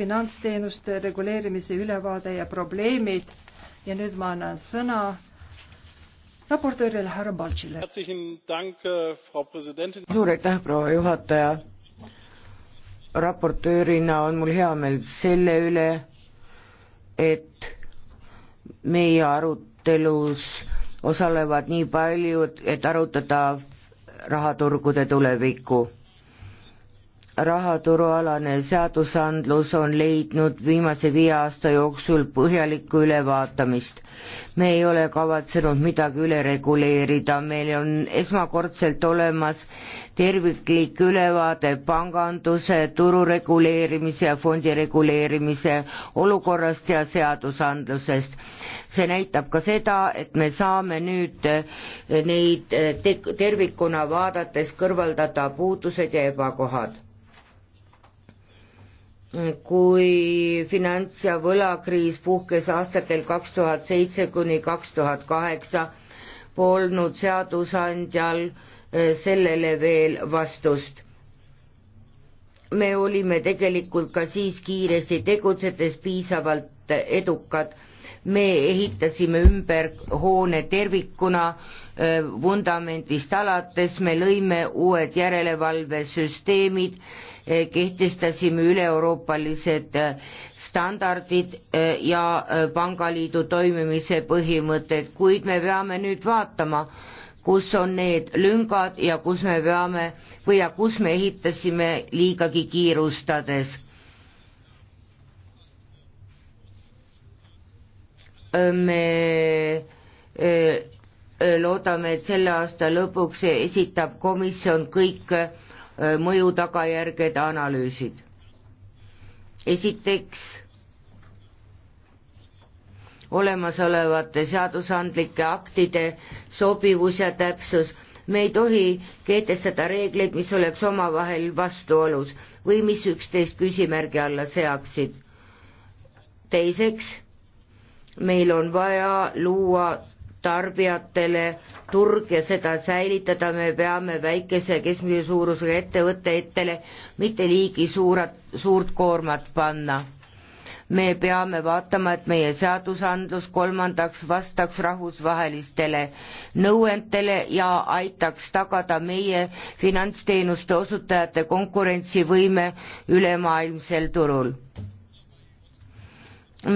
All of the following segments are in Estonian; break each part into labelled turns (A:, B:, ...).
A: finantsteenuste reguleerimise ülevaade ja probleemid ja nüüd ma annan sõna
B: raportöörile härra Baltšile.
C: Äh,
B: suur aitäh, proua juhataja. raportöörina on mul hea meel selle üle, et meie arutelus osalevad nii paljud, et arutada rahaturgude tulevikku rahaturualane seadusandlus on leidnud viimase viie aasta jooksul põhjalikku ülevaatamist. me ei ole kavatsenud midagi üle reguleerida, meil on esmakordselt olemas terviklik ülevaade panganduse, turu reguleerimise ja fondi reguleerimise olukorrast ja seadusandlusest. see näitab ka seda, et me saame nüüd neid tervikuna vaadates kõrvaldada puudused ja ebakohad kui finants- ja võlakriis puhkes aastatel kaks tuhat seitse kuni kaks tuhat kaheksa, polnud seadusandjal eh, sellele veel vastust. me olime tegelikult ka siis kiiresti tegutsedes piisavalt edukad me ehitasime ümber hoone tervikuna, äh, vundamendist alates me lõime uued järelevalvesüsteemid, äh, kehtestasime üle-euroopalised äh, standardid ja pangaliidu toimimise põhimõtted, kuid me peame nüüd vaatama, kus on need lüngad ja kus me peame või ja kus me ehitasime liigagi kiirustades me e, e, loodame, et selle aasta lõpuks esitab komisjon kõik e, mõju tagajärgede analüüsid. esiteks olemasolevate seadusandlike aktide sobivus ja täpsus. me ei tohi kehtestada reegleid, mis oleks omavahel vastuolus või mis üksteist küsimärgi alla seaksid. teiseks meil on vaja luua tarbijatele turg ja seda säilitada me peame väikese ja keskmise suurusega ettevõtetele mitte liigi suurat, suurt koormat panna. me peame vaatama, et meie seadusandlus kolmandaks vastaks rahvusvahelistele nõuetele ja aitaks tagada meie finantsteenuste osutajate konkurentsivõime ülemaailmsel turul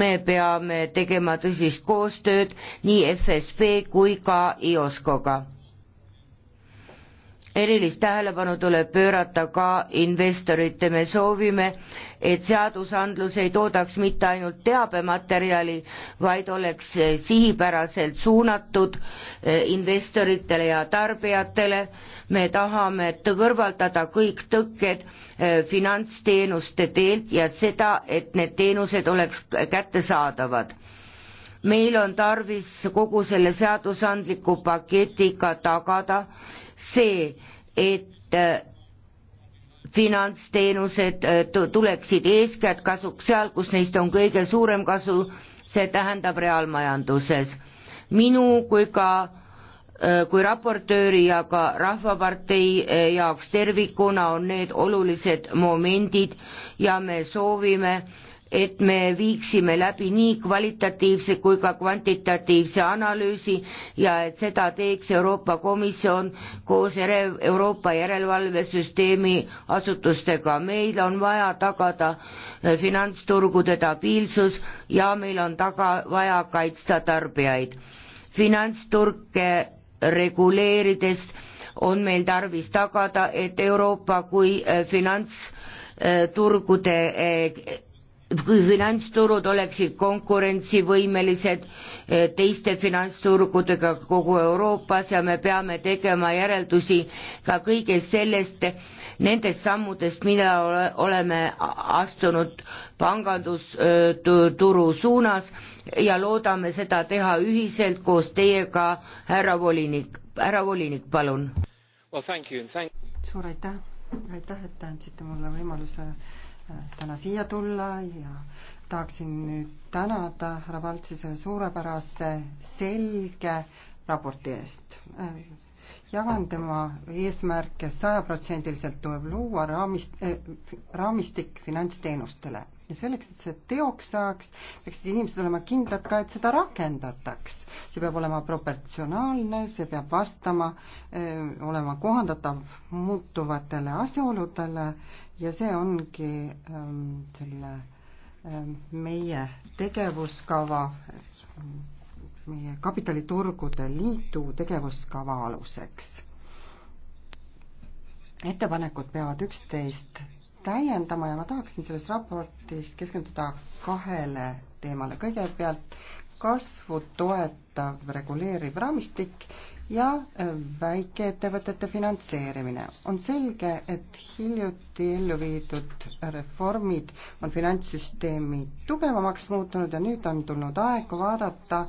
B: me peame tegema tõsist koostööd nii FSB kui ka IOSCO-ga erilist tähelepanu tuleb pöörata ka investorite, me soovime, et seadusandlus ei toodaks mitte ainult teabematerjali, vaid oleks sihipäraselt suunatud eh, investoritele ja tarbijatele, me tahame kõrvaldada kõik tõkked eh, finantsteenuste teelt ja seda, et need teenused oleks kättesaadavad meil on tarvis kogu selle seadusandliku paketiga tagada, see, et äh, finantsteenused äh, tuleksid eeskätt kasuks seal, kus neist on kõige suurem kasu, see tähendab reaalmajanduses. minu kui ka, äh, kui raportööri ja ka Rahvapartei jaoks tervikuna on need olulised momendid ja me soovime et me viiksime läbi nii kvalitatiivse kui ka kvantitatiivse analüüsi ja et seda teeks Euroopa Komisjon koos Euroopa järelevalvesüsteemi asutustega. meil on vaja tagada finantsturgude stabiilsus ja meil on taga vaja kaitsta tarbijaid. finantsturge reguleerides on meil tarvis tagada, et Euroopa kui eh, finantsturgude eh, kui finantsturud oleksid konkurentsivõimelised eh, teiste finantsturgudega kogu Euroopas ja me peame tegema järeldusi ka kõigest sellest, nendest sammudest, mida oleme astunud pangandusturu suunas ja loodame seda teha ühiselt koos teiega, härra volinik. härra volinik, palun well,.
C: suur aitäh, aitäh, et te andsite mulle võimaluse täna siia tulla ja tahaksin nüüd tänada härra Valtsi selle suurepärase selge raporti eest. jagan tema eesmärke sajaprotsendiliselt, tuleb luua raamist äh,, raamistik finantsteenustele ja selleks, et see teoks saaks, peaksid inimesed olema kindlad ka, et seda rakendataks. see peab olema proportsionaalne, see peab vastama, eh, olema kohandatav muutuvatele asjaoludele ja see ongi ähm, selle ähm, meie tegevuskava, meie kapitaliturgude liidu tegevuskava aluseks. ettepanekud peavad üksteist täiendama ja ma tahaksin selles raportis keskenduda kahele teemale. kõigepealt kasvu toetav reguleeriv raamistik ja äh, väikeettevõtete finantseerimine. on selge, et hiljuti ellu viidud reformid on finantssüsteemi tugevamaks muutunud ja nüüd on tulnud aeg vaadata,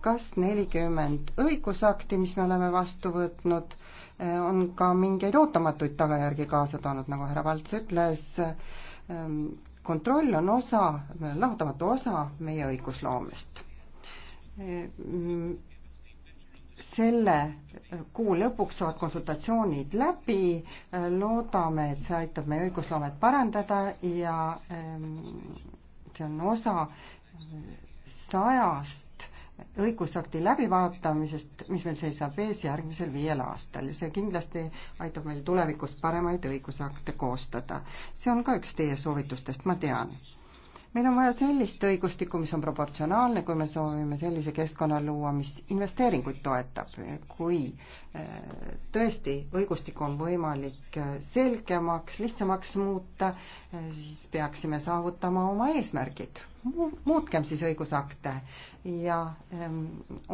C: kas nelikümmend õigusakti, mis me oleme vastu võtnud, äh, on ka mingeid ootamatuid tagajärgi kaasa toonud, nagu härra Valts ütles, ähm, kontroll on osa, lahutamatu osa meie õigusloomest äh, selle kuu lõpuks saavad konsultatsioonid läbi, loodame, et see aitab meie õigusloomet parandada ja ehm, see on osa sajast õigusakti läbivaatamisest, mis meil seisab ees järgmisel viiel aastal ja see kindlasti aitab meil tulevikus paremaid õigusakte koostada. see on ka üks teie soovitustest, ma tean meil on vaja sellist õigustikku, mis on proportsionaalne, kui me soovime sellise keskkonna luua, mis investeeringuid toetab. kui äh, tõesti õigustikku on võimalik äh, selgemaks, lihtsamaks muuta, äh, siis peaksime saavutama oma eesmärgid. muutkem siis õigusakte ja öö, ähm,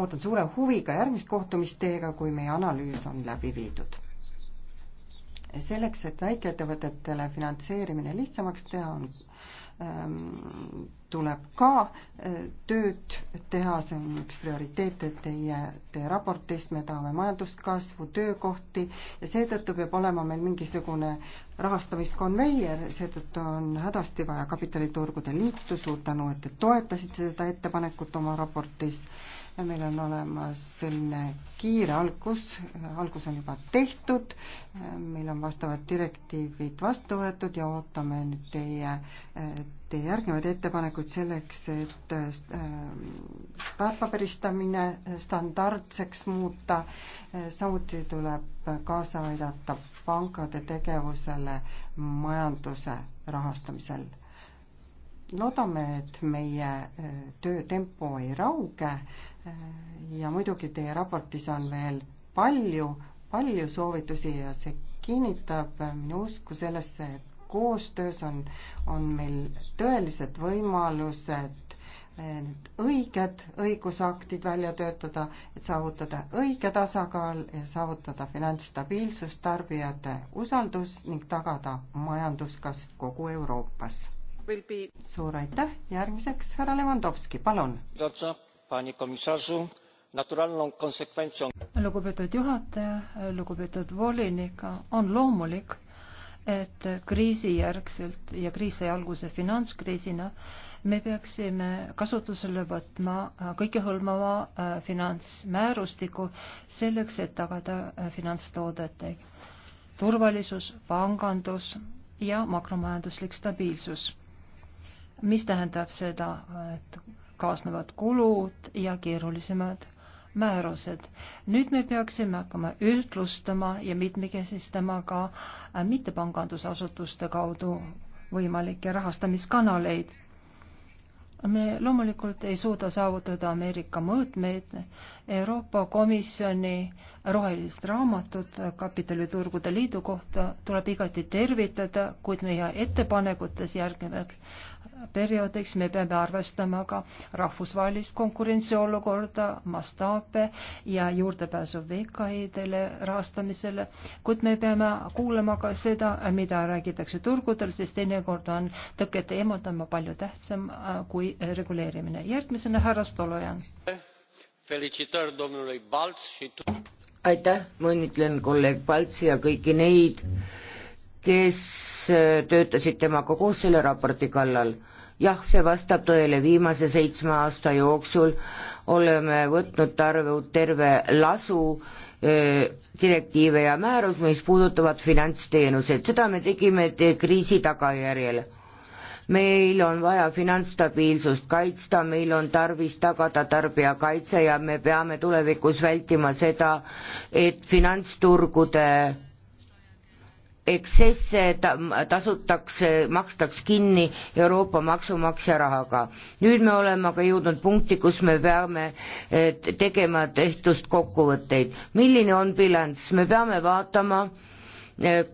C: ootan suure huviga järgmist kohtumist teiega, kui meie analüüs on läbi viidud selleks, et väikeettevõtetele finantseerimine lihtsamaks teha, on Ehm, tuleb ka eh, tööd teha, see on üks prioriteete teie, teie raportist, me tahame majanduskasvu, töökohti ja seetõttu peab olema meil mingisugune rahastamiskonveier, seetõttu on hädasti vaja kapitaliturgude liitu, suur tänu, et te toetasite seda ettepanekut oma raportis ja meil on olemas selline kiire algus, algus on juba tehtud, meil on vastavad direktiivid vastu võetud ja ootame nüüd teie, teie järgnevaid ettepanekuid selleks, et äh, väärtpaberistamine standardseks muuta, samuti tuleb kaasa aidata pankade tegevusele majanduse rahastamisel loodame, et meie äh, töötempo ei rauge ja muidugi teie raportis on veel palju, palju soovitusi ja see kinnitab minu usku sellesse, et koostöös on, on meil tõelised võimalused need õiged õigusaktid välja töötada, et saavutada õige tasakaal ja saavutada finantsstabiilsus, tarbijate usaldus ning tagada majanduskasv kogu Euroopas.
A: suur aitäh, järgmiseks härra Levanovski, palun lugupeetud juhataja lugupeetud volinik on loomulik et kriisijärgselt ja kriis sai alguse finantskriisina me peaksime kasutusele võtma kõikehõlmava äh, finantsmäärustiku selleks et tagada äh, finantstoodete turvalisus pangandus ja makromajanduslik stabiilsus mis tähendab seda et kaasnevad kulud ja keerulisemad määrused. nüüd me peaksime hakkama ühtlustama ja mitmekesistama ka äh, mittepangandusasutuste kaudu võimalikke rahastamiskanaleid. me loomulikult ei suuda saavutada Ameerika mõõtmeid, Euroopa Komisjoni äh, rohelist raamatut kapitaliturgude liidu kohta tuleb igati tervitada, kuid meie ettepanekutes järgnevaks perioodiks me peame arvestama ka rahvusvahelist konkurentsiolukorda, mastaape ja juurdepääsu VKI-dele rahastamisele, kuid me peame kuulama ka seda, mida räägitakse turgudel, sest teinekord on tõkete eemaldama palju tähtsam äh, kui reguleerimine. järgmisena härra Stolojan felicitări domnului balz și
B: aitäh, ma õnnitlen kolleeg Paltsi ja kõiki neid, kes äh, töötasid temaga koos selle raporti kallal. jah, see vastab tõele, viimase seitsme aasta jooksul oleme võtnud tarve terve lasu äh, direktiive ja määrus, mis puudutavad finantsteenuseid, seda me tegime äh, kriisi tagajärjel meil on vaja finantsstabiilsust kaitsta, meil on tarvis tagada tarbijakaitse ja me peame tulevikus vältima seda, et finantsturgude eksesse ta-, tasutakse, makstaks kinni Euroopa maksumaksja rahaga. nüüd me oleme aga jõudnud punkti, kus me peame eh, tegema tehtust kokkuvõtteid. milline on bilanss, me peame vaatama,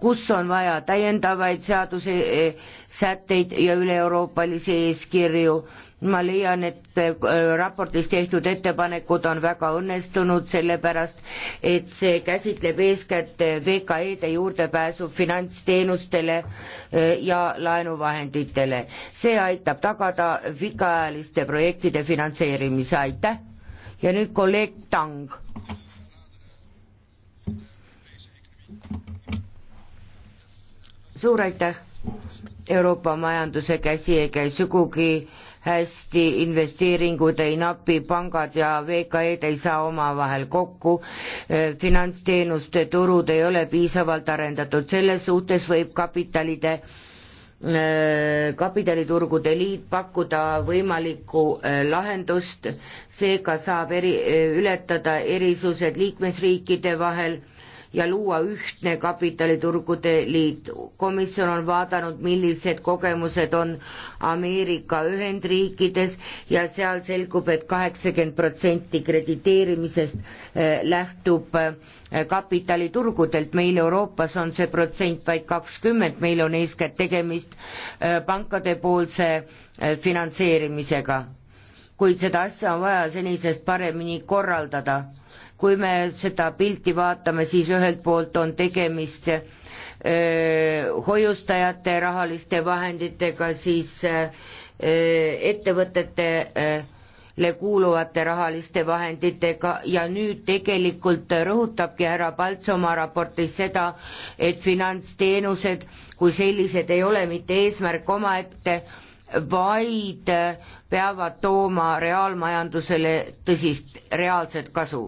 B: kus on vaja täiendavaid seaduse eh, sätteid ja üle-euroopalisi eeskirju. ma leian, et eh, raportis tehtud ettepanekud on väga õnnestunud, sellepärast et see käsitleb eeskätt eh, VKE-de juurdepääsu finantsteenustele ja laenuvahenditele. see aitab tagada pikaajaliste projektide finantseerimise, aitäh! ja nüüd kolleeg Tang suur aitäh! Euroopa majanduse käsi ei käi sugugi hästi, investeeringud ei napi, pangad ja VKE-d ei saa omavahel kokku, finantsteenuste turud ei ole piisavalt arendatud, selles suhtes võib kapitalide äh, kapitaliturgude liit pakkuda võimalikku äh, lahendust, seega saab eri, äh, ületada erisused liikmesriikide vahel ja luua ühtne kapitaliturgude liit. komisjon on vaadanud, millised kogemused on Ameerika Ühendriikides ja seal selgub et, et kaheksakümmend protsenti krediteerimisest eh, lähtub eh, kapitaliturgudelt, meil Euroopas on see protsent vaid kakskümmend, meil on eeskätt tegemist eh, pankadepoolse finantseerimisega kuid seda asja on vaja senisest paremini korraldada kui me seda pilti vaatame, siis ühelt poolt on tegemist äh, hoiustajate rahaliste vahenditega, siis äh, ettevõtetele kuuluvate rahaliste vahenditega ja nüüd tegelikult rõhutabki härra Palts oma raportis seda, et finantsteenused kui sellised ei ole mitte eesmärk omaette, vaid peavad tooma reaalmajandusele tõsist reaalset kasu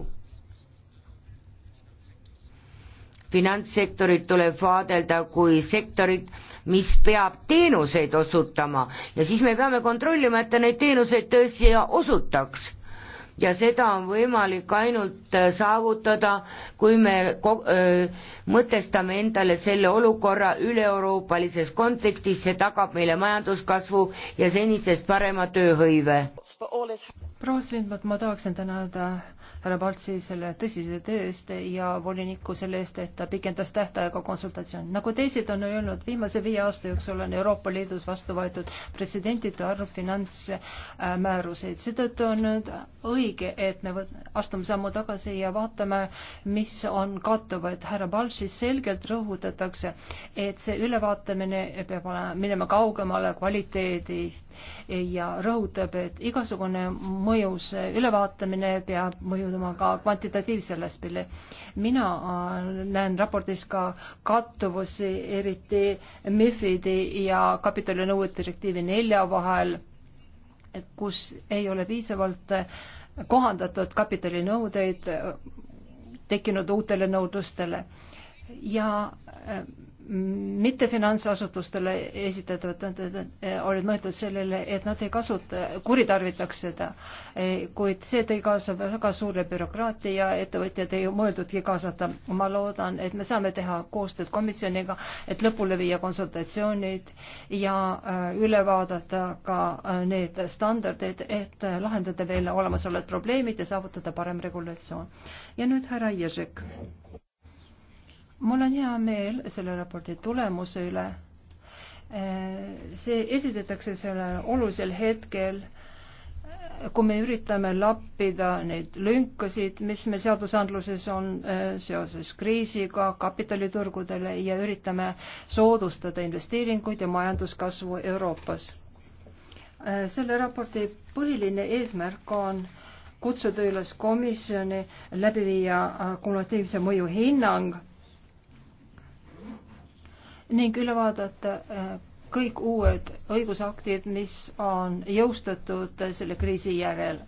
B: finantssektorit tuleb vaadelda kui sektorit, mis peab teenuseid osutama ja siis me peame kontrollima, et ta neid teenuseid tõesti osutaks ja seda on võimalik ainult äh, saavutada, kui me ko-, öö, äh, mõtestame endale selle olukorra üle-euroopalises kontekstis, see tagab meile majanduskasvu ja senisest parema tööhõive.
A: proua Svendmat, ma tahaksin tänada härra Paltsi selle tõsise töö eest ja volinikku selle eest, et ta pikendas tähtaega konsultatsiooni. nagu teised on öelnud, viimase viie aasta jooksul on Euroopa Liidus vastu võetud pretsedenditu arv finantsmääruseid. seetõttu on nüüd õige, et me astume sammu tagasi ja vaatame, mis on kattuvad. härra Paltsis selgelt rõhutatakse, et see ülevaatamine peab olema, minema kaugemale kvaliteedist ja rõhutab, et igasugune mõjus ülevaatamine peab mõju keskenduma ka kvantitatiivsele aspektile. mina äh, näen raportis ka kattuvusi eriti MIFID-i ja kapitalinõuete direktiivi nelja vahel, kus ei ole piisavalt äh, kohandatud kapitalinõudeid äh, tekkinud uutele nõudlustele ja mittefinantsasutustele esitatavad eh, olid mõeldud sellele, et nad ei kasuta, kuritarvitaks seda, eh, kuid see tõi kaasa väga suure bürokraatia, ettevõtjad ei mõeldudki kaasata. ma loodan, et me saame teha koostööd komisjoniga, et lõpule viia konsultatsioonid ja eh, üle vaadata ka need standardid, et lahendada veel olemasolevad probleemid ja saavutada parem regulatsioon. ja nüüd härra Ježek mul on hea meel selle raporti tulemuse üle. Eh, see esitatakse sellel olulisel hetkel, eh, kui me üritame lappida neid lünkasid, mis meil seadusandluses on eh, seoses kriisiga kapitaliturgudele ja üritame soodustada investeeringuid ja majanduskasvu Euroopas. selle raporti põhiline eesmärk on kutsuda üles komisjoni läbi viia kumulatiivse mõju hinnang ning üle vaadata äh, kõik uued õigusaktid, mis on jõustatud äh, selle kriisi järel.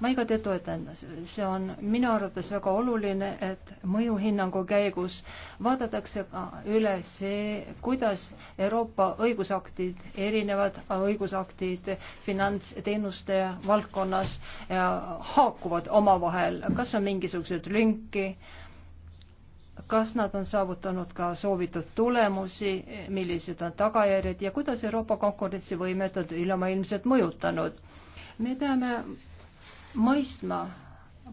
A: ma igati toetan, see on minu arvates väga oluline, et mõjuhinnangu käigus vaadatakse äh, üle see, kuidas Euroopa õigusaktid, erinevad õigusaktid finantsteenuste valdkonnas haakuvad omavahel, kas on mingisuguseid lünki äh, kas nad on saavutanud ka soovitud tulemusi, millised on tagajärjed ja kuidas Euroopa konkurentsivõimet on ülemaailmselt mõjutanud. me peame mõistma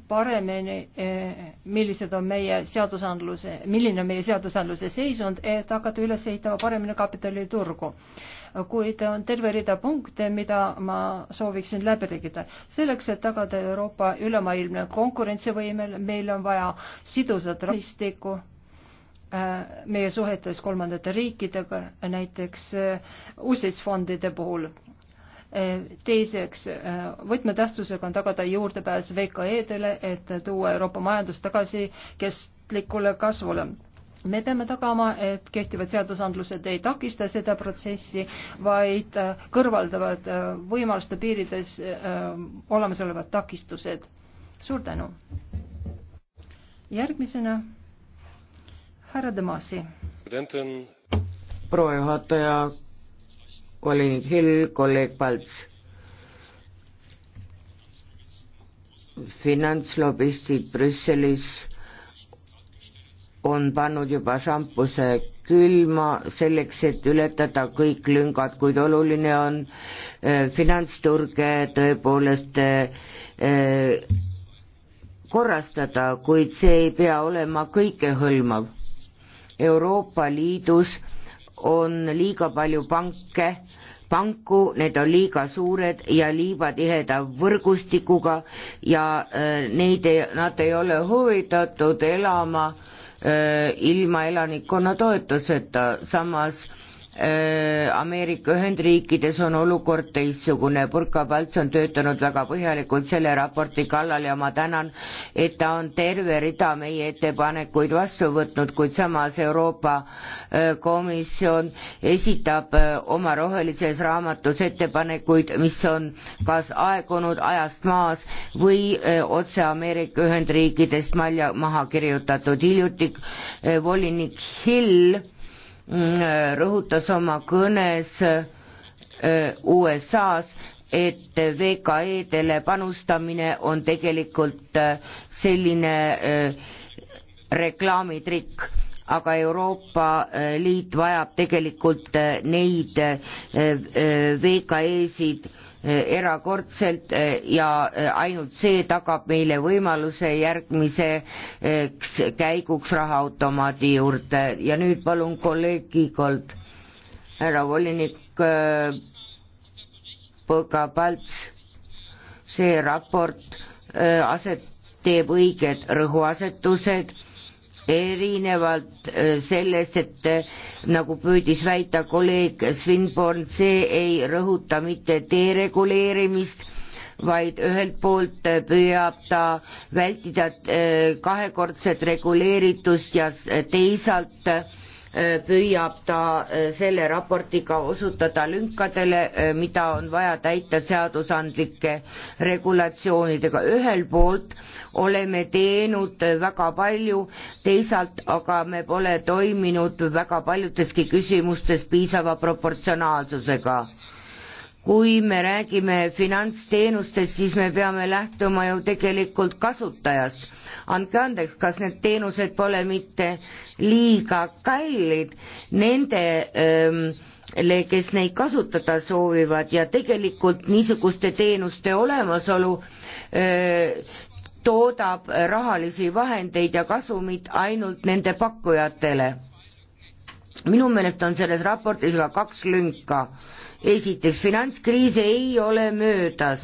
A: paremini, eh, millised on meie seadusandluse, milline on meie seadusandluse seisund, et hakata üles ehitama paremini kapitaliturgu. kuid on terve rida punkte, mida ma sooviksin läbi rääkida. selleks, et tagada Euroopa ülemaailmne konkurentsivõime, meil on vaja sidusat raamistikku eh, meie suhetes kolmandate riikidega, näiteks eh, USITS fondide puhul teiseks, äh, võtmetähtsusega on tagada juurdepääs VKE-dele, et tuua Euroopa majandus tagasi kestlikule kasvule me peame tagama, et kehtivad seadusandlused ei takista seda protsessi, vaid äh, kõrvaldavad äh, võimaluste piirides olemasolevad takistused. suur tänu. järgmisena härra Demasi.
B: proua juhataja volinik Hill, kolleeg Palts. finantslobistid Brüsselis on pannud juba šampuse külma selleks, et ületada kõik lüngad, kuid oluline on eh, finantsturge tõepoolest eh, korrastada, kuid see ei pea olema kõikehõlmav. Euroopa Liidus on liiga palju panke, panku, need on liiga suured ja liiga tiheda võrgustikuga ja äh, neid ei, nad ei ole huvitatud elama äh, ilma elanikkonna toetuseta, samas Äh, Ameerika Ühendriikides on olukord teistsugune, Burka Palts on töötanud väga põhjalikult selle raporti kallal ja ma tänan, et ta on terve rida meie ettepanekuid vastu võtnud, kuid samas Euroopa äh, Komisjon esitab äh, oma rohelises raamatus ettepanekuid, mis on kas aegunud ajast maas või otse Ameerika Ühendriikidest malja maha kirjutatud. hiljuti volinik Hill Mm, rõhutas oma kõnes äh, USA-s, et VKE-dele panustamine on tegelikult äh, selline äh, reklaamitrikk, aga Euroopa Liit vajab tegelikult neid VKE-sid erakordselt eh, ja eh, ainult see tagab meile võimaluse järgmiseks käiguks rahaautomaadi juurde ja nüüd palun kolleeg Kiigolt, härra volinik eh, Põga-Palts, see raport aset-, teeb õiged rõhuasetused erinevalt äh, sellest, et äh, nagu püüdis väita kolleeg Swinburne, see ei rõhuta mitte dereguleerimist, vaid ühelt poolt äh, püüab ta vältida kahekordset reguleeritust ja teisalt püüab ta äh, selle raportiga osutada lünkadele, äh, mida on vaja täita seadusandlike regulatsioonidega. ühelt poolt oleme teinud väga palju, teisalt aga me pole toiminud väga paljudeski küsimustes piisava proportsionaalsusega kui me räägime finantsteenustest, siis me peame lähtuma ju tegelikult kasutajast. andke andeks, kas need teenused pole mitte liiga kallid nende, ähm, kes neid kasutada soovivad ja tegelikult niisuguste teenuste olemasolu öö, äh, toodab rahalisi vahendeid ja kasumit ainult nende pakkujatele. minu meelest on selles raportis ka kaks lünka esiteks, finantskriis ei ole möödas,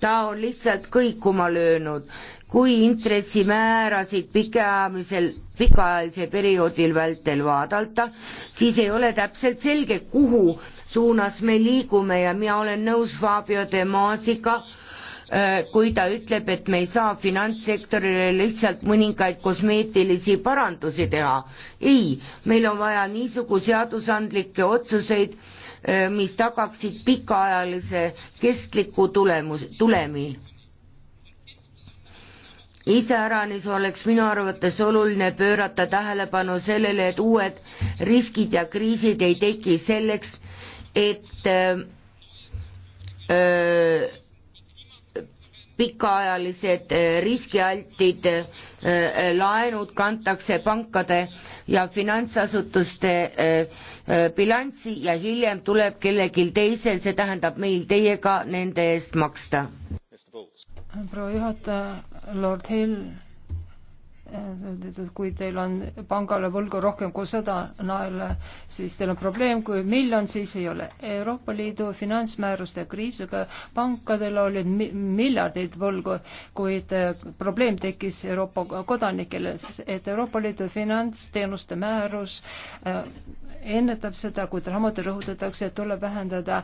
B: ta on lihtsalt kõikuma löönud, kui intressimäärasid pikaajalisel, pikaajalisel perioodil vältel vaadata, siis ei ole täpselt selge, kuhu suunas me liigume ja mina olen nõus Fabio De Masiga, äh, kui ta ütleb, et me ei saa finantssektorile lihtsalt mõningaid kosmeetilisi parandusi teha. ei, meil on vaja niisugu seadusandlikke otsuseid, Äh, mis tagaksid pikaajalise kestliku tulemus, tulemi. iseäranis oleks minu arvates oluline pöörata tähelepanu sellele, et uued riskid ja kriisid ei teki selleks, et öö, äh, öö äh, pikaajalised äh, riskialtid äh, laenud kantakse pankade ja finantsasutuste äh, bilanssi ja hiljem tuleb kellelgi teisel, see tähendab meil teiega nende eest maksta.
A: proua juhataja, Lord Hill kui teil on pangale võlgu rohkem kui sada naela, siis teil on probleem, kui miljon, siis ei ole. Euroopa Liidu finantsmääruste kriisiga pankadel olid miljardid võlgu, kuid äh, probleem tekkis Euroopa kodanikele, et Euroopa Liidu finantsteenuste määrus äh, ennetab seda, kuid samuti rõhutatakse, et tuleb vähendada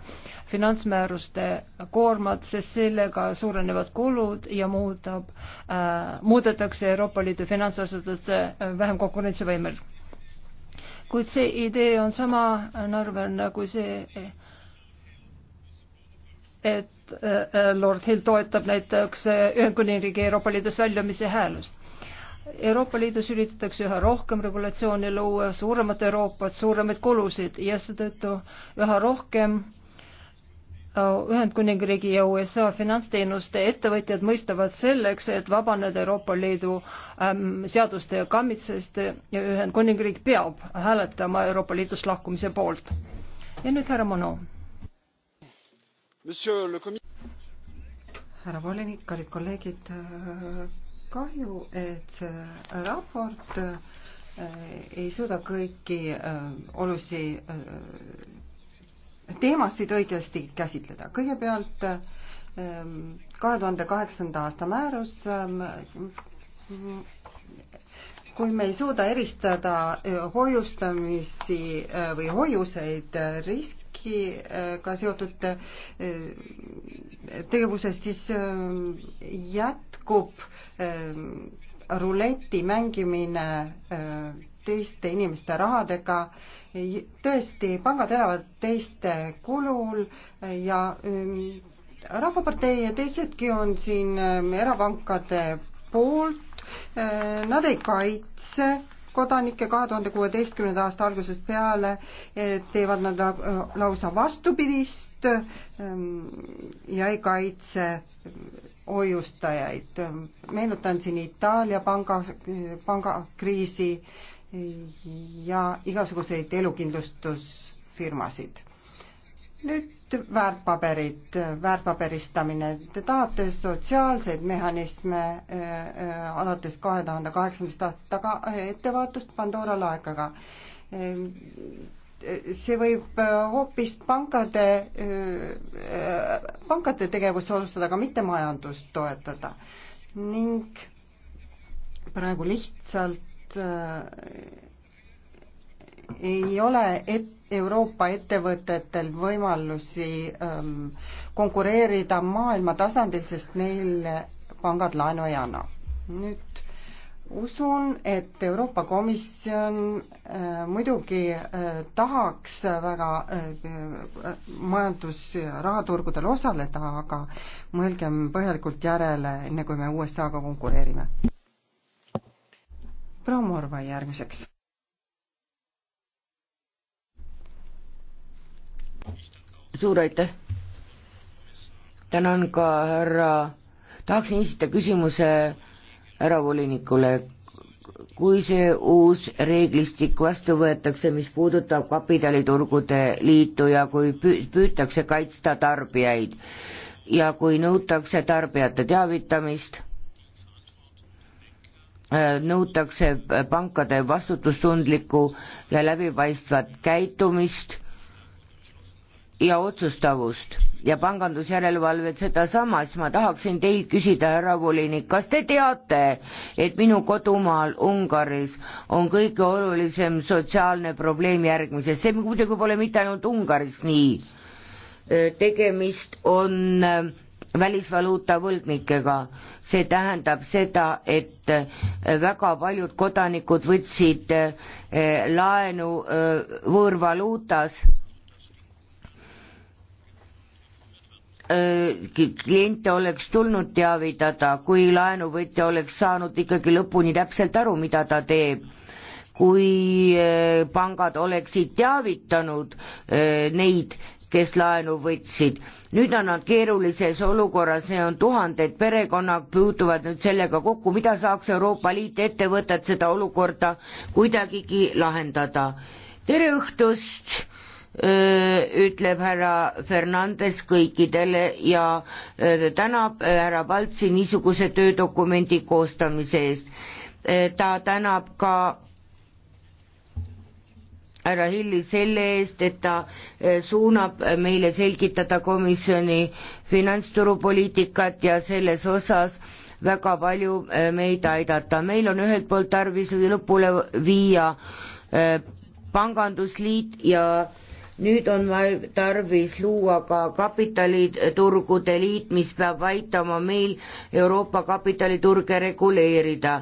A: finantsmääruste koormat, sest sellega suurenevad kulud ja muudab, äh, muudetakse Euroopa Liidu finantsasutuse äh, vähem konkurentsivõimeline. kuid see idee on sama naeruväärne kui see, et äh, äh, Lord Hill toetab näiteks Ühendkuningriigi Euroopa Liidust väljumise häälust. Euroopa Liidus üritatakse üha rohkem regulatsioone luua, suuremat Euroopat, suuremaid kulusid ja seetõttu üha rohkem Ühendkuningriigi ja USA finantsteenuste ettevõtjad mõistavad selleks, et vabaneda Euroopa Liidu ähm, seaduste kammitsest ja Ühendkuningriik peab hääletama Euroopa Liidust lahkumise poolt. ja nüüd härra Mono.
C: härra volinik, kallid kolleegid, äh, kahju, et see raport äh, ei suuda kõiki äh, olusi äh, teemasid õigesti käsitleda. kõigepealt ähm, kahe tuhande kaheksanda aasta määrus, ähm, kui me ei suuda eristada äh, hoiustamisi äh, või hoiuseid äh, riskiga seotud tegevusest, siis ähm, jätkub ruleti mängimine teiste inimeste rahadega tõesti, pangad elavad teiste kulul ja ähm, Rahvapartei ja teisedki on siin ähm, erapankade poolt, äh, nad ei kaitse kodanikke kahe tuhande kuueteistkümnenda aasta algusest peale, äh, teevad nad äh, lausa vastupidist ähm, ja ei kaitse hoiustajaid. meenutan siin Itaalia panga, pangakriisi ja igasuguseid elukindlustusfirmasid. nüüd väärtpaberid, väärtpaberistamine, te tahate sotsiaalseid mehhanisme äh, äh, alates kahe tuhande kaheksandast aastast taga, äh, ettevaatust Pandora laekaga see võib hoopis pankade, pankade tegevust soodustada, aga mitte majandust toetada. ning praegu lihtsalt Äh, ei ole et Euroopa ettevõtetel võimalusi ähm, konkureerida maailma tasandil, sest neil pangad laenu ei anna. nüüd usun, et Euroopa Komisjon äh, muidugi äh, tahaks väga äh, majandus- ja rahaturgudel osaleda, aga mõelgem põhjalikult järele, enne kui me USA-ga konkureerime proua Morva järgmiseks.
B: suur aitäh! tänan ka härra, tahaksin esitada küsimuse härra volinikule, kui see uus reeglistik vastu võetakse, mis puudutab kapitaliturgude liitu ja kui püütakse kaitsta tarbijaid ja kui nõutakse tarbijate teavitamist Äh, nõutakse äh, pankade vastutustundlikku ja läbipaistvat käitumist ja otsustavust ja pangandusjärelevalvet sedasama, siis ma tahaksin teilt küsida, härra volinik, kas te teate, et minu kodumaal Ungaris on kõige olulisem sotsiaalne probleem järgmises, see muidugi pole mitte ainult Ungaris nii, äh, tegemist on välisvaluuta võlgnikega. see tähendab seda, et äh, väga paljud kodanikud võtsid äh, laenu äh, võõrvaluutas. kliente oleks tulnud teavitada, kui laenuvõtja oleks saanud ikkagi lõpuni täpselt aru, mida ta teeb kui eh, pangad oleksid teavitanud eh, neid, kes laenu võtsid. nüüd on nad keerulises olukorras, need on tuhanded perekonnad puutuvad nüüd sellega kokku, mida saaks Euroopa Liit ette võtta, et seda olukorda kuidagigi lahendada. tere õhtust, eh, ütleb härra Fernandes kõikidele ja tänab härra Paltsi niisuguse töödokumendi koostamise eest. ta tänab ka härra Hilli selle eest, et ta eh, suunab meile selgitada komisjoni finantsturupoliitikat ja selles osas väga palju eh, meid aidata. meil on ühelt poolt tarvis lõpule viia eh, pangandusliit ja nüüd on tarvis luua ka kapitaliturgude liit, mis peab aitama meil Euroopa kapitaliturge reguleerida.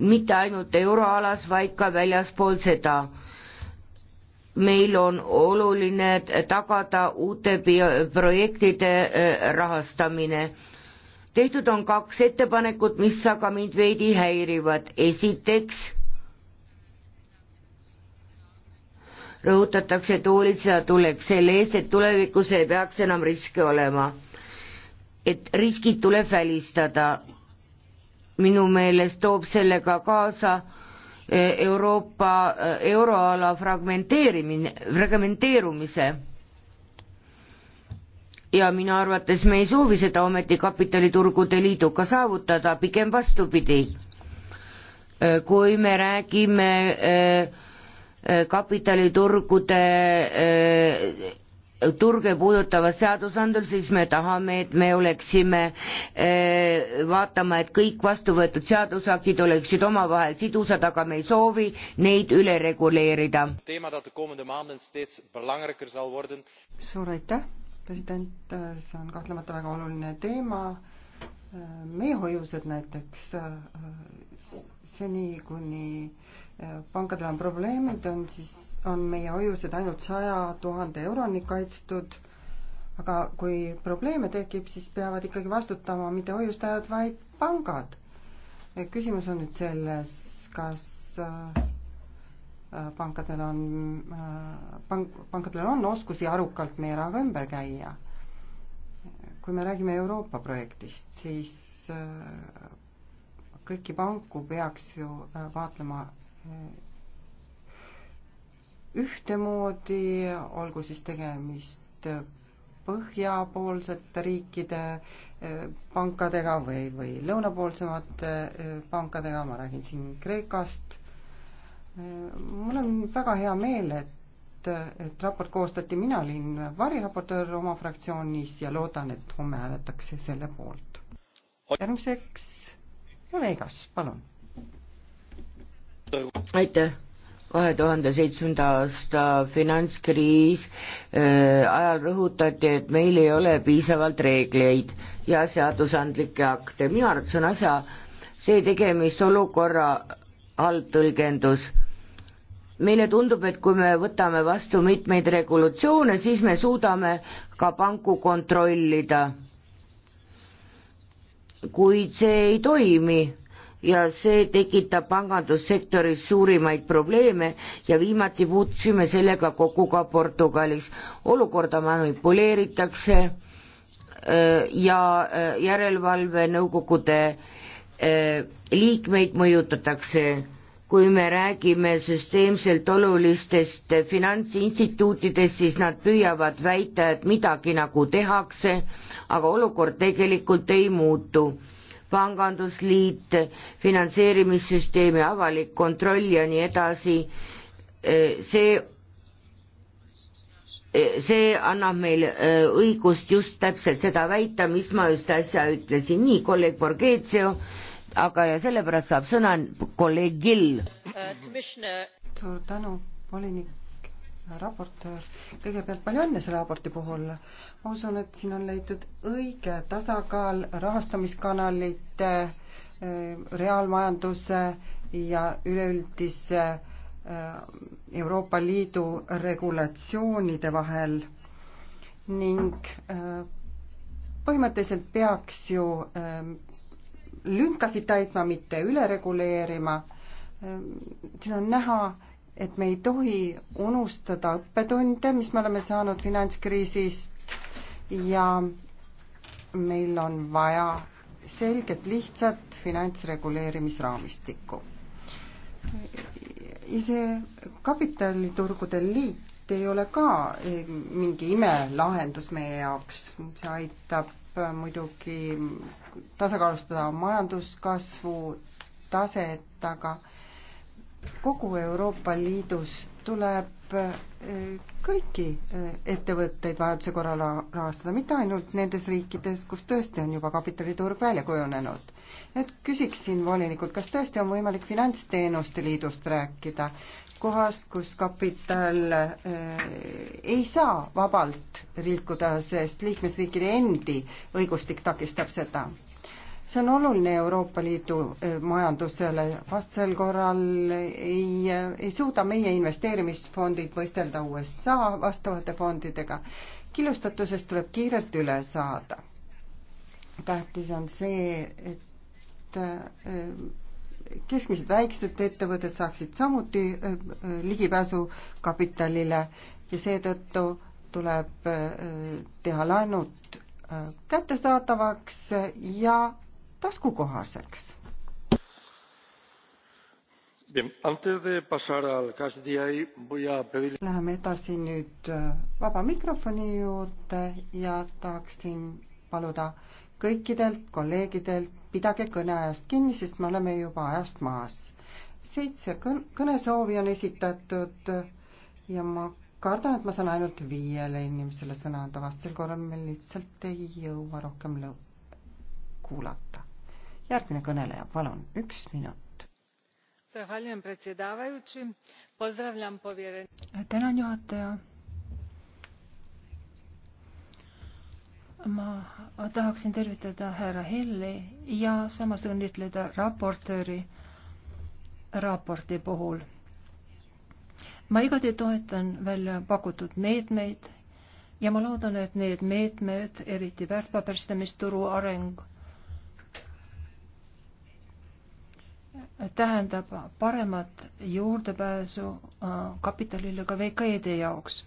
B: mitte ainult euroalas, vaid ka väljaspool seda meil on oluline tagada uute projektide äh, rahastamine. tehtud on kaks ettepanekut, mis aga mind veidi häirivad. esiteks rõhutatakse, et hoolitseda tuleks selle eest, et tulevikus ei peaks enam riske olema. et riskid tuleb välistada. minu meelest toob sellega kaasa äh, Euroopa eh, euroala fragmenteerimine, fragmenteerumise. ja minu arvates me ei soovi seda ometi kapitaliturgude liiduga saavutada, pigem vastupidi. Eh, kui me räägime eh, kapitaliturgude turge puudutavat seadusandlust, siis me tahame, et me oleksime eh, vaatama, et kõik vastu võetud seadusaktid oleksid omavahel sidusad, aga me ei soovi neid üle reguleerida. suur aitäh, president, see on kahtlemata väga
C: oluline teema eh, meehoiused näiteks eh, seni, kuni pankadel on probleemid, on siis, on meie hoiused ainult saja tuhande euroni kaitstud, aga kui probleeme tekib, siis peavad ikkagi vastutama mitte hoiustajad, vaid pangad. küsimus on nüüd selles, kas äh, pankadel on, äh, pank, pankadel on oskusi arukalt meie rahaga ümber käia. kui me räägime Euroopa projektist, siis äh, kõiki panku peaks ju vaatlema ühtemoodi, olgu siis tegemist põhjapoolsete riikide eh, pankadega või, või lõunapoolsemate eh, pankadega, ma räägin siin Kreekast. Eh, mul on väga hea meel, et et raport koostati, mina olin variraportöör oma fraktsioonis ja loodan, et homme hääletatakse
B: selle poolt. järgmiseks Vegas, palun aitäh kahe tuhande seitsmenda aasta finantskriis äh, ajal rõhutati, et meil ei ole piisavalt reegleid ja seadusandlikke akte, minu arvates on asja see tegemist olukorra alltõlgendus. meile tundub, et kui me võtame vastu mitmeid regulatsioone, siis me suudame ka panku kontrollida. kuid see ei toimi ja see tekitab pangandussektoris suurimaid probleeme ja viimati puutusime sellega kokku ka Portugalis. olukorda manipuleeritakse ja järelevalvenõukogude liikmeid mõjutatakse. kui me räägime süsteemselt olulistest finantsinstituutidest, siis nad püüavad väita, et midagi nagu tehakse, aga olukord tegelikult ei muutu pangandusliit, finantseerimissüsteemi avalik kontroll ja nii edasi, eh, see eh, see annab meile eh, õigust just täpselt seda väita, mis ma just äsja ütlesin, nii kolleeg Borghezio, aga ja sellepärast saab sõna kolleeg Gill.
C: suur tänu, volinik raportöör, kõigepealt palju õnne selle raporti puhul. ma usun, et siin on leitud õige tasakaal rahastamiskanalite, äh, reaalmajanduse ja üleüldise äh, Euroopa Liidu regulatsioonide vahel ning äh, põhimõtteliselt peaks ju lünkasid täitma, mitte üle reguleerima. siin on näha, et me ei tohi unustada õppetunde, mis me oleme saanud finantskriisist ja meil on vaja selget, lihtsat finantsreguleerimisraamistikku. ise kapitaliturgude liit ei ole ka e, mingi imelahendus meie jaoks, see aitab muidugi tasakaalustada majanduskasvu taset, aga äh, kogu Euroopa Liidus tuleb eh, kõiki eh, ettevõtteid vajaduse korral rahastada, mitte ainult nendes riikides, kus tõesti on juba kapitaliturg välja kujunenud. et küsiksin volinikult, kas tõesti on võimalik finantsteenuste liidust rääkida, kohas, kus kapital eh, ei saa vabalt liikuda, sest liikmesriikide endi õigustik takistab seda see on oluline Euroopa Liidu eh, majandusele, vastasel korral ei, eh, ei suuda meie investeerimisfondid võistelda USA vastavate fondidega. killustatusest tuleb kiirelt üle saada. tähtis on see, et eh, keskmised väiksed ettevõtted saaksid samuti ligipääsu kapitalile ja seetõttu tuleb teha laenud kättesaadavaks ja taskukohaseks. Läheme edasi nüüd äh, vaba mikrofoni juurde ja tahaksin paluda kõikidelt kolleegidelt, pidage kõneajast kinni, sest me oleme juba ajast maas. seitse kõn-, kõnesoovi on esitatud ja ma kardan, et ma saan ainult viiele inimesele sõna anda, vastasel korral me lihtsalt ei jõua rohkem lõpp kuulata järgmine kõneleja, palun, üks minut.
A: tänan, juhataja. ma tahaksin tervitada härra Helli ja samas õnnitleda raportööri raporti puhul. ma igati toetan välja pakutud meetmeid ja ma loodan, et need meetmed, eriti väärtpaberistamisturu areng tähendab paremat juurdepääsu äh, kapitalile ka VKD e jaoks.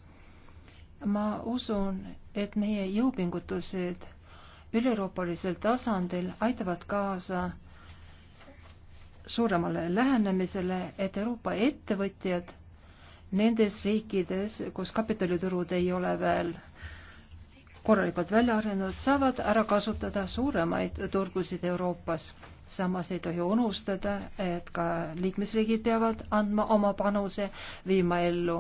A: ma usun, et meie jõupingutused üleeuroopalisel tasandil aitavad kaasa suuremale lähenemisele, et Euroopa ettevõtjad nendes riikides, kus kapitaliturud ei ole veel korralikult välja arenenud, saavad ära kasutada suuremaid turgusid Euroopas. samas ei tohi unustada, et ka liikmesriigid peavad andma oma panuse, viima ellu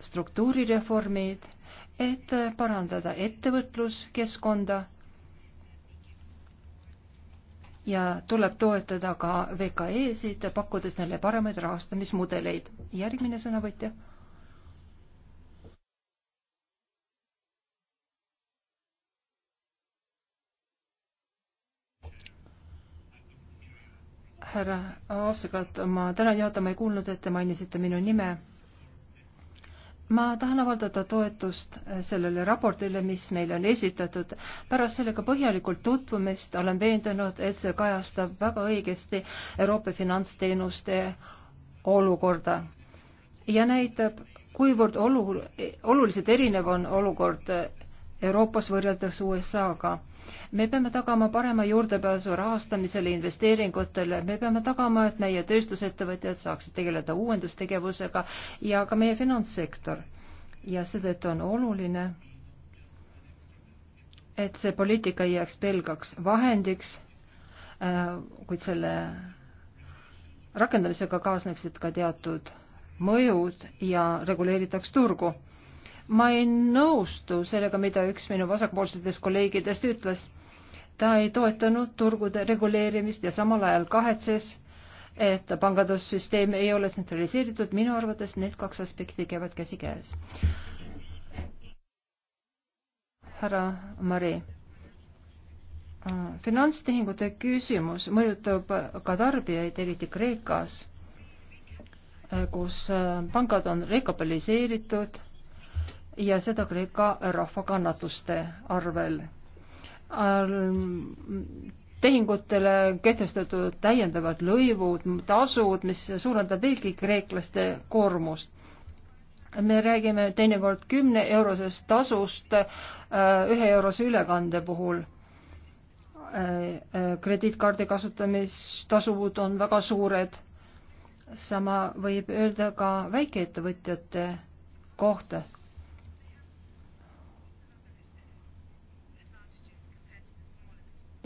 A: struktuurireformid, et parandada ettevõtluskeskkonda ja tuleb toetada ka VKE-sid, pakkudes neile paremaid rahastamismudeleid. järgmine sõnavõtja härra Aavsagat, ma tänan juhataja, ma ei kuulnud, et te mainisite minu nime. ma tahan avaldada toetust sellele raportile, mis meile on esitatud. pärast sellega põhjalikult tutvumist olen veendunud, et see kajastab väga õigesti Euroopa finantsteenuste olukorda ja näitab, kuivõrd olu, oluliselt erinev on olukord Euroopas võrreldes USA-ga me peame tagama parema juurdepääsu rahastamisele, investeeringutele, me peame tagama, et meie tööstusettevõtjad saaksid tegeleda uuendustegevusega ja ka meie finantssektor. ja seetõttu on oluline, et see poliitika ei jääks pelgaks vahendiks, äh, kuid selle rakendamisega kaasneksid ka teatud mõjud ja reguleeritaks turgu ma ei nõustu sellega, mida üks minu vasakpoolsetest kolleegidest ütles. ta ei toetanud turgude reguleerimist ja samal ajal kahetses, et pangandussüsteem ei ole tsentraliseeritud, minu arvates need kaks aspekti käivad käsikäes. härra Mari, finantstehingute küsimus mõjutab ka tarbijaid, eriti Kreekas, kus pangad on rekapitaliseeritud ja seda Kreeka rahva kannatuste arvel. tehingutele kehtestatud täiendavad lõivud, tasud, mis suurendab veelgi kreeklaste koormust. me räägime teinekord kümne eurosest tasust äh, ühe eurose ülekande puhul äh, äh, krediitkaardi kasutamistasud on väga suured. sama võib öelda ka väikeettevõtjate kohta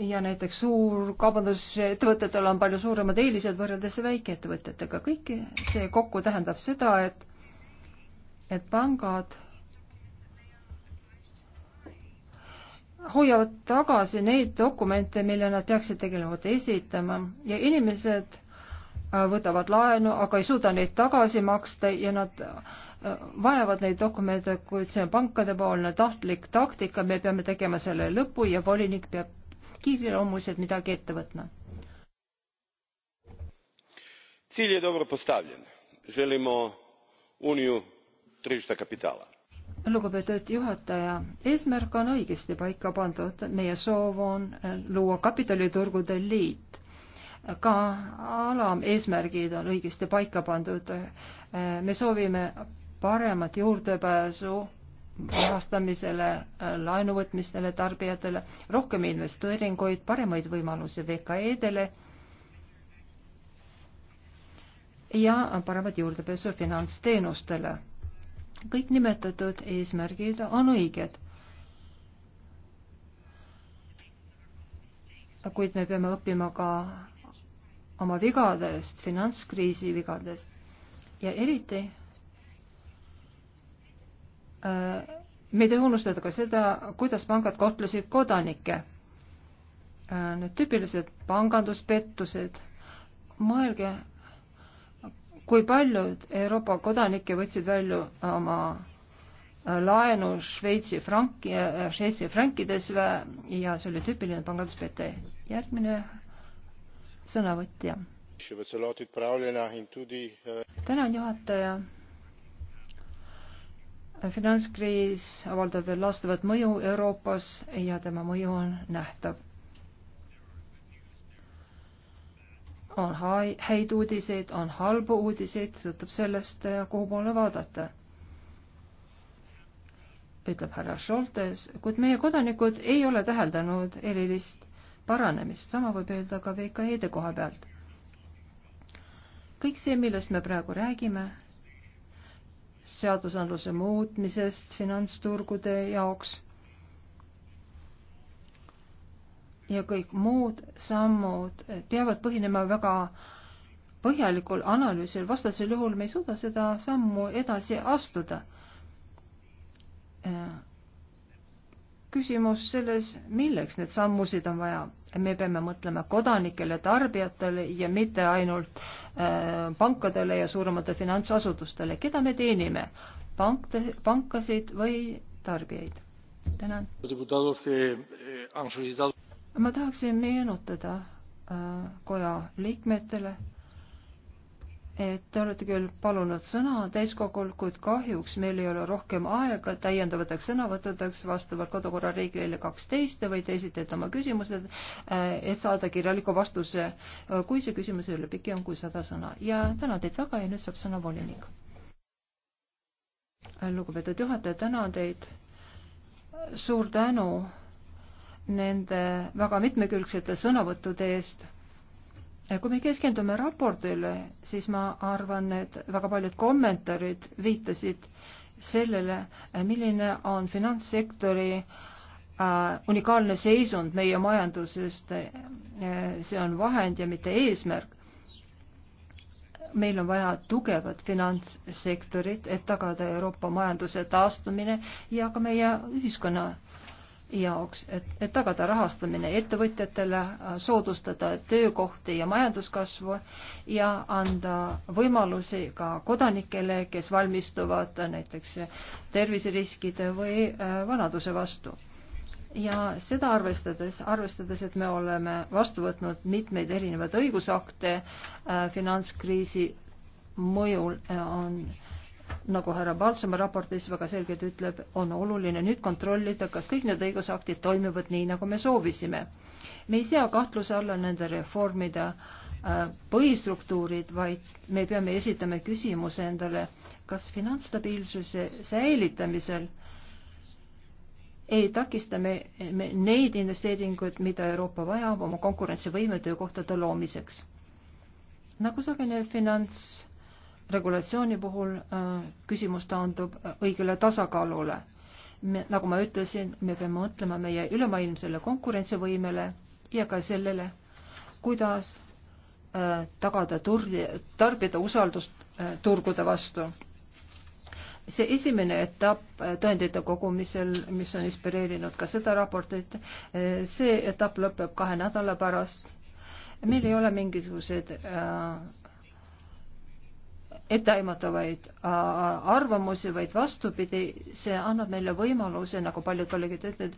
A: ja näiteks suurkaubandusettevõtetel on palju suuremad eelised võrreldes väikeettevõtetega. kõik see kokku tähendab seda, et, et pangad hoiavad tagasi neid dokumente, mille nad peaksid tegelikult esitama ja inimesed äh, võtavad laenu, aga ei suuda neid tagasi maksta ja nad äh, vajavad neid dokumente, kuid see on pankadepoolne tahtlik taktika, me peame tegema selle lõpu ja volinik peab kiireloomuliselt midagi ette võtma.
B: cilj je dobro postavljen želimo uniju tržišta kapitala.
A: lugupeetud juhataja eesmärk on õigesti paika pandud meie soov on eh, luua kapitaliturgude liit ka alameesmärgid on õigesti paika pandud eh, me soovime paremat juurdepääsu rahastamisele, äh, laenuvõtmistele, tarbijatele, rohkem investeeringuid, paremaid võimalusi VKE-dele ja paremat juurdepääsu finantsteenustele. kõik nimetatud eesmärgid on õiged. kuid me peame õppima ka oma vigadest, finantskriisi vigadest ja eriti me ei tohi unustada ka seda, kuidas pangad kohtlesid kodanikke. Äh, need tüüpilised panganduspettused, mõelge, kui paljud Euroopa kodanikke võtsid välja oma äh, laenu Šveitsi franki, äh, Šveitsi frankides ja see oli tüüpiline panganduspete. järgmine sõnavõtja. tänan, juhataja finantskriis avaldab veel lastavat mõju Euroopas ja tema mõju on nähtav. on häid uudiseid, on halbu uudiseid, sõltub sellest, kuhu poole vaadata, ütleb härra Šoltes, kuid meie kodanikud ei ole täheldanud erilist paranemist, sama võib öelda ka VKE-de koha pealt. kõik see, millest me praegu räägime, seadusandluse muutmisest finantsturgude jaoks ja kõik muud sammud peavad põhinema väga põhjalikul analüüsil, vastasel juhul me ei suuda seda sammu edasi astuda äh, küsimus selles, milleks need sammusid on vaja. me peame mõtlema kodanikele, tarbijatele ja mitte ainult äh, pankadele ja suurematele finantsasutustele, keda me teenime, pank, pankasid või tarbijaid. tänan.
C: Eh,
A: ma tahaksin meenutada äh, koja liikmetele et te olete küll palunud sõna täiskogul, kuid kahjuks meil ei ole rohkem aega täiendavateks sõnavõttudeks vastavalt kodukorra reeglile kaksteist. Te võite esitada oma küsimused, äh, et saada kirjaliku vastuse, kui see küsimus ei ole pikem kui sada sõna. ja tänan teid väga ja nüüd saab sõna volinik. lugupeetud juhataja, tänan teid. suur tänu nende väga mitmekülgsete sõnavõttude eest kui me keskendume raportile, siis ma arvan, et väga paljud kommentaarid viitasid sellele, milline on finantssektori äh, unikaalne seisund meie majandusest äh,. see on vahend ja mitte eesmärk. meil on vaja tugevat finantssektorit, et tagada Euroopa majanduse taastumine ja ka meie ühiskonna äh, jaoks, et, et tagada rahastamine ettevõtjatele, soodustada töökohti ja majanduskasvu ja anda võimalusi ka kodanikele, kes valmistuvad näiteks terviseriskide või äh, vanaduse vastu. ja seda arvestades, arvestades, et me oleme vastu võtnud mitmeid erinevaid õigusakte äh, finantskriisi mõjul äh, on äh, nagu härra Paltsamaa raportis väga selgelt ütleb, on oluline nüüd kontrollida, kas kõik need õigusaktid toimivad nii, nagu me soovisime. me ei sea kahtluse alla nende reformide äh, põhistruktuurid, vaid me peame esitama küsimuse endale, kas finantsstabiilsuse säilitamisel ei takista me, me neid investeeringuid, mida Euroopa vajab oma konkurentsivõime töökohtade loomiseks. nagu sageli finants regulatsiooni puhul äh, küsimus taandub äh, õigele tasakaalule. nagu ma ütlesin, me peame mõtlema meie ülemaailmsele konkurentsivõimele ja ka sellele, kuidas äh, tagada turgi, tarbida usaldust turgude vastu. see esimene etapp tõendite kogumisel, mis on inspireerinud ka seda raportit, see etapp lõpeb kahe nädala pärast. meil ei ole mingisuguseid äh, etteaimatavaid äh, arvamusi, vaid vastupidi, see annab meile võimaluse, nagu paljud kolleegid ütlevad,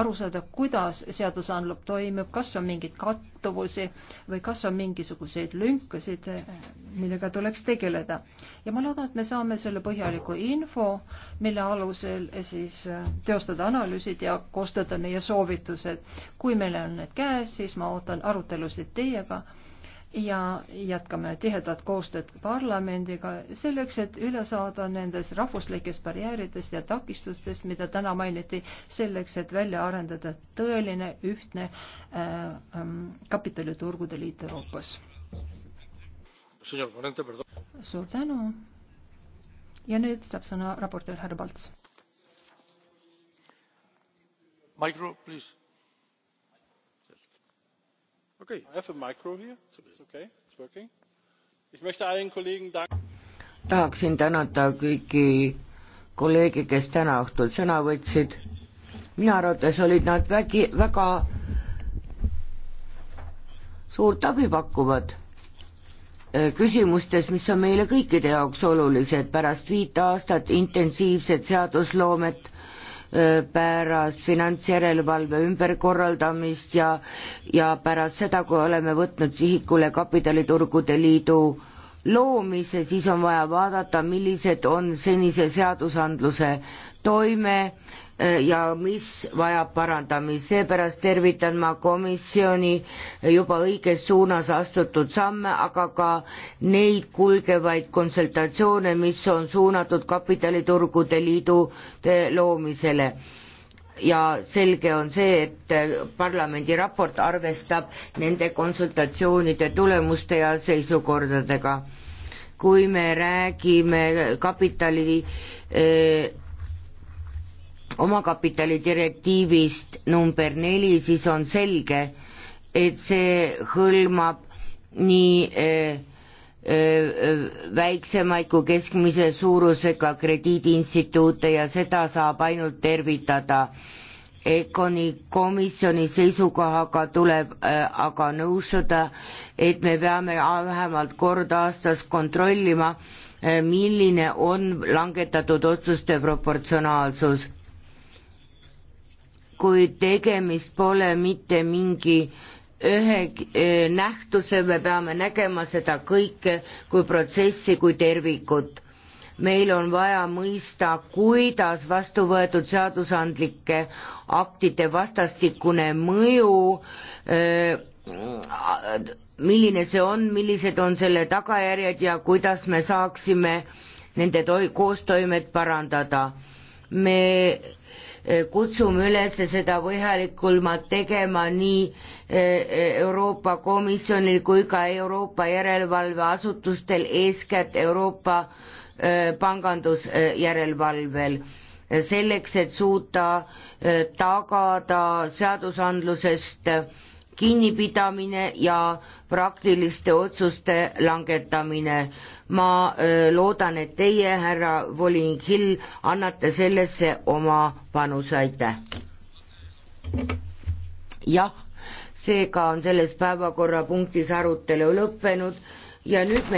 A: aru saada, kuidas seadusandlus toimib, kas on mingeid kattuvusi või kas on mingisuguseid lünkasid, millega tuleks tegeleda. ja ma loodan, et me saame selle põhjaliku info, mille alusel eh, siis eh, teostada analüüsid ja koostada meie soovitused. kui meil on need käes, siis ma ootan arutelusid teiega ja jätkame tihedat koostööd parlamendiga selleks, et üle saada nendest rahvuslikest barjääridest ja takistustest, mida täna mainiti, selleks, et välja arendada tõeline ühtne äh, ähm, kapitaliturgude liit Euroopas. suur tänu. ja nüüd saab sõna raportöör härra Palts.
C: Micro, please
B: tahaksin tänada kõiki kolleege, kes täna õhtul sõna võtsid. minu arvates olid nad vägi, väga suurt abi pakkuvad äh, küsimustes, mis on meile kõikide jaoks olulised pärast viit aastat intensiivset seadusloomet pärast finantsjärelevalve ümberkorraldamist ja, ja pärast seda, kui oleme võtnud sihikule kapitaliturgude liidu loomise, siis on vaja vaadata, millised on senise seadusandluse toime eh, ja mis vajab parandamist, seepärast tervitan ma komisjoni juba õiges suunas astutud samme, aga ka neid kulgevaid konsultatsioone, mis on suunatud kapitaliturgude liidu loomisele ja selge on see, et parlamendi raport arvestab nende konsultatsioonide tulemuste ja seisukordadega kui me räägime kapitali öö, eh, omakapitali direktiivist number neli, siis on selge, et see hõlmab nii öö, eh, eh, väiksemaid kui keskmise suurusega krediidiinstituute ja seda saab ainult tervitada EKONi komisjoni seisukohaga tuleb äh, aga nõustuda, et me peame vähemalt kord aastas kontrollima, äh, milline on langetatud otsuste proportsionaalsus. kuid tegemist pole mitte mingi ühe äh, nähtuse, me peame nägema seda kõike kui protsessi, kui tervikut meil on vaja mõista, kuidas vastu võetud seadusandlike aktide vastastikune mõju öö, äh, milline see on, millised on selle tagajärjed ja kuidas me saaksime nende toi-, koostoimet parandada. me äh, kutsume üles seda põhjalikumalt tegema nii äh, Euroopa Komisjonil kui ka Euroopa järelevalveasutustel, eeskätt Euroopa äh, Äh, pangandusjärelevalvel selleks, et suuta äh, tagada seadusandlusest kinnipidamine ja praktiliste otsuste langetamine. ma äh, loodan, et teie, härra volinik Hill, annate sellesse oma panuse, aitäh. jah, seega on selles päevakorrapunktis arutelu lõppenud ja nüüd me